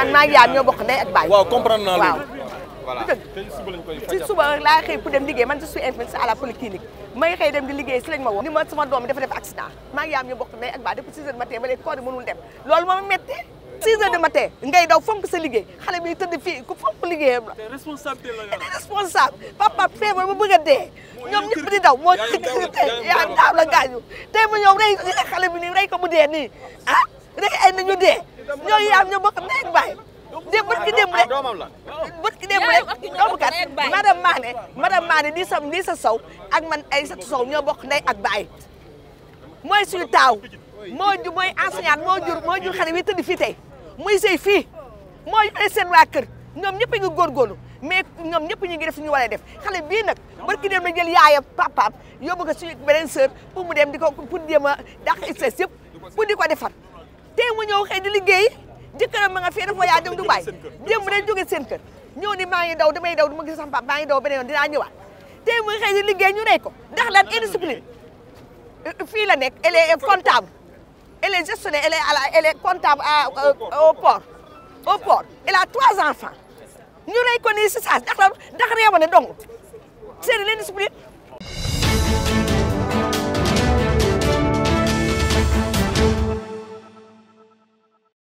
man maa ngi yaam ñoo bokk ndey ak baay. waaw comprendre naa loolu voilà ci suba laa xëy dem liggéey man je suis infirmier la polyclinique may xëy dem di liggéey si lañ ma wax ni ma sama doom dafa def accident maa ngi yaam ñoo bokk ndey ak baay depuis 6 heures matin ba léegi koor yi mënul loolu moo ma metti 6 heures du matin ngay daw fonk sa liggéey xale bi tëdd fii ku fonk liggéeyam la. responsable la papa feebar ba bëgg a dee. ñoom ñëpp di daw moo ci tey yaa daaw la gaañu tey bi nii rey ko bu dee nii ah! rek ay nañu dee ñoo yaam ñoo bokk ndey ak baay démb bët ki démb rek ah, bët ki démb rek doomu kat madame Mané madame Mané di sa di sa sow ak man ay sa sow ñoo bokk ndey ak baay mooy suñu taaw moo ju mooy enseignante moo jur moo jur xale bi tëdd fii tey mooy sey fii moo yore seen waa kër ñoom ñëpp a ngi góorgóorlu mais ñoom ñëpp ñu ngi def ñu war a def xale bii nag barki dem na jël yaayam papaam yóbbu ko suñu beneen mu dem di ko pour jéem a dàq stress yëpp pour ko defar mu ñëw xëy di liggéey jëkkëram ma nga fee dafa yaa dem Dubaay démb dañ jóge seen kër ñëw ni maa ngi daw damay daw du ma gis sama maa ngi daw beneen yoon dinaa ñëwaat tey muy xëy di liggéey ñu rey ko ndax lan indiscipline fii la nekk elle comptable elle est gestionnaire la elle est comptable euh, au port au a trois enfants ñu rey ko nii si saa ndax lan ndax réew ma ne dong seen indiscipline